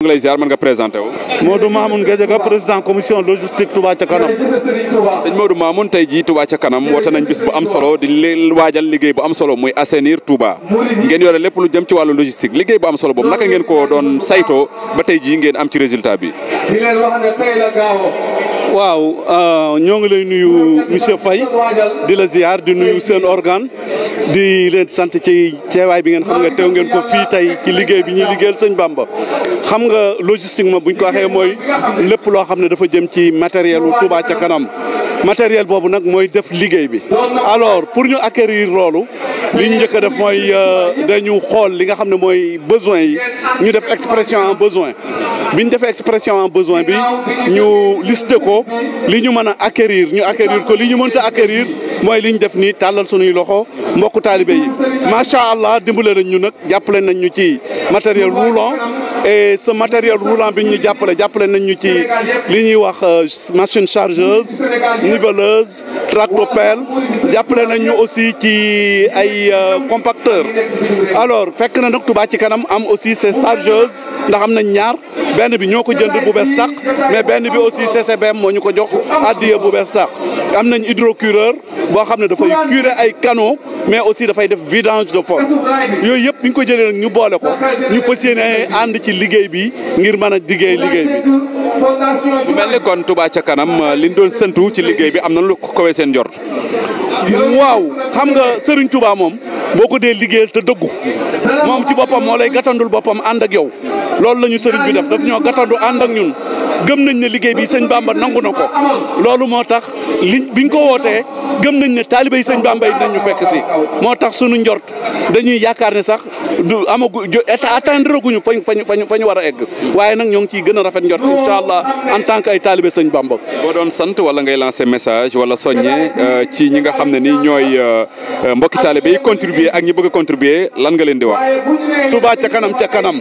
nga lay ziar mën nga présenté wu. Modou Mamoun Gadiaga président commission logistique Touba ca kanam. sëñ Modou Mamoun tey jii Touba ca kanam woote nañ bis bu am solo di leen waajal liggéey bu am solo muy assainir Touba yore lépp lu jëm ci wàllu logistique liggéey bu am solo boobu naka ngeen ko doon saytoo ba tey jii ngeen am ci résultat bi. waaw euh, ñoo ngi lay nuyu monsieur Faye di la ziar di nuyu seen organe di leen sant ci ceewaay bi ngeen xam nga teew ngeen ko fii tey ci liggéey bi ñuy liggéeyal sëñ Bamba xam nga logistiquement buñ ko waxee mooy lépp loo xam ne dafa jëm ci matériel wu Touba ca kanam matériel boobu nag mooy def liggéey bi alors pour ñu acquérir loolu li ñu njëkk a def mooy euh, dañu xool li nga xam ne mooy besoin yi ñu def expression en besoin bi ñu defee expression en besoin bi ñu liste ko li ñu mën a acquérir ñu acquérir ko li ñu mënta acquérir mooy li ñu def nii tàllal suñuy loxo mbokku taalibe yi macha allah dimbale nañ ñu nag jàppale nañ ñu ci matériel roulant et ce matériel roulant bi ñu jàppale jàppale nañ ñu ci li ñuy wax euh, machine chargeuse niveleuse tractopelle jàppale nañ ñu aussi ci ay euh, compacteur alors fekk na nag Touba ci kanam am aussi ces chargeuses ndax am nañ ñaar benn bi ñoo ko jënd bu bees tàq mais benn bi aussi CCBM moo ñu ko jox addiya bu bees tàq am nañ hydrocureur boo xam ne dafay curer ay canaux mais aussi dafay def vidange de fosse yooyu yëpp bi ñu ko jëlee nag ñu boole ko ñu fas yéene ànd ci liggéey bi ngir mën a liggéey liggéey bi mu mel ni kon tubaa ca kanam euh, liñ doon sëntu ci liggéey bi am na lu ko kowee seen jort waaw xam nga Serigne tubaa moom boo ko dee liggéeyal te dëggu moom ci boppam moo lay gàttandul boppam ànd ak yow loolu la ñu sëriñ bi def daf ñoo gàttandu ànd ak ñun gëm nañ ne liggéey bi sëñ Bamba nangu na ko loolu moo tax li biñ ko wootee gëm nañ ne taalibe yi sëñ Bamba yi dinañ ñu fekk si moo tax sunu njort dañuy yaakaar ne sax du amagu état atteindre guñu fañ fañ fañ fa ñu war a egg waaye nag ñoo ngi ciy gën a rafet njort incha allah en tant que ay taalibe sëñ Bamba. boo doon sant wala ngay lancer message wala soññe euh, ci ñi nga xam ne ni ñooy euh, mbokki taalibe yi contribuer ak ñi bëgg a contribuer lan nga leen di wax. Touba ca kanam ca kanam.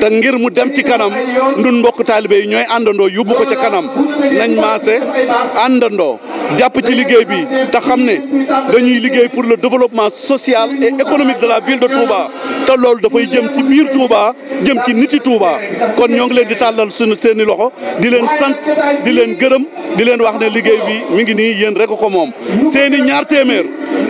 te ngir mu dem ci kanam ndun mbokk taalibe yi ñooy àndandoo yóbbu ko ca kanam nañ maase àndandoo jàpp ci liggéey bi te xam ne dañuy liggéey pour le développement social et économique de la ville de Touba te loolu dafay jëm ci biir Touba jëm ci niti Touba kon ñoo ngi leen di tàllal suñu seen i loxo di leen sant di leen gërëm di leen wax ne liggéey bi mi ngi nii yéen rek ko moom seen i ñaar téeméer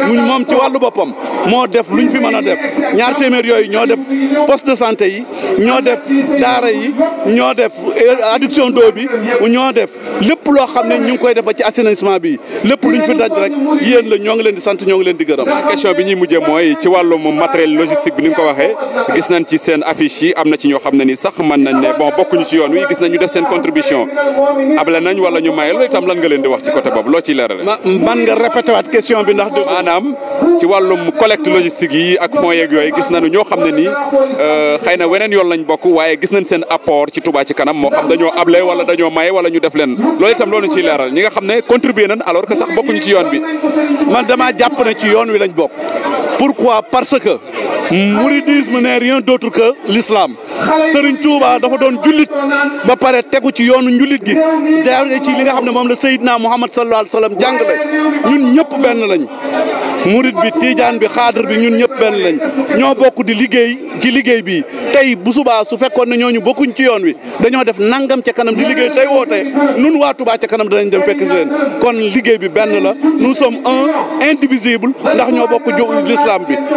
mu moom ci wàllu boppam moo def luñ fi mën a def ñaar téeméer yooyu ñoo def poste de santé yi ñoo def daara yi ñoo def euh, adduction d'eau bi ñoo def lépp loo xam ne ñu ngi koy def ba ci assainissement bi lépp luñ fi daj rek yéen la ñoo ngi leen di sant ñoo ngi leen di gërëm. question bi ñu mujjee mooy ci wàllum matériel logistique bi ni nga ko waxee gis nañ ci seen affiche yi am na ci ñoo xam ne ni sax man nañ ne bokk ñu ci yoon wi gis nañ ñu def seen contribution able nañ wala ñu mayal itam nga leen di wax ci côté boobu loo ciy leerale. man nga répété bi ndax. collecte logistique yi ak fonds yeeg yooyu gis nañu ñoo xam ne ni euh, xëy na weneen yoon lañ bokk waaye gis nañ seen apport ci Touba ci kanam moo xam dañoo able wala dañoo maye wala ñu def leen loolu itam loolu ciy leeral ñi nga xam ne contribuer nañ alors que sax bokkuñu ci yoon bi. man damaa jàpp ne ci yoon wi lañ bokk. pourquoi parce que mouridisme n'est rien d'autre que l'islam Serigne Touba dafa doon jullit ba pare tegu ci yoonu njullit gi te ci li nga xam ne moom la Seydina Muhammad sallallahu alayhi wa sallam jàngale ñun ñëpp benn lañ. murit bi tiijaan bi xaadir bi ñun ñëpp benn lañ ñoo bokk di liggéey ci liggéey bi tey bu subaa su fekkoon ne ñu bokkuñ ci yoon wi dañoo def nangam ca kanam di liggéey tey woo woote nun waa Touba ca kanam danañ dem fekk si kon liggéey bi benn la nous sommes un indivisible ndax ñoo bokk jóg lislaam bi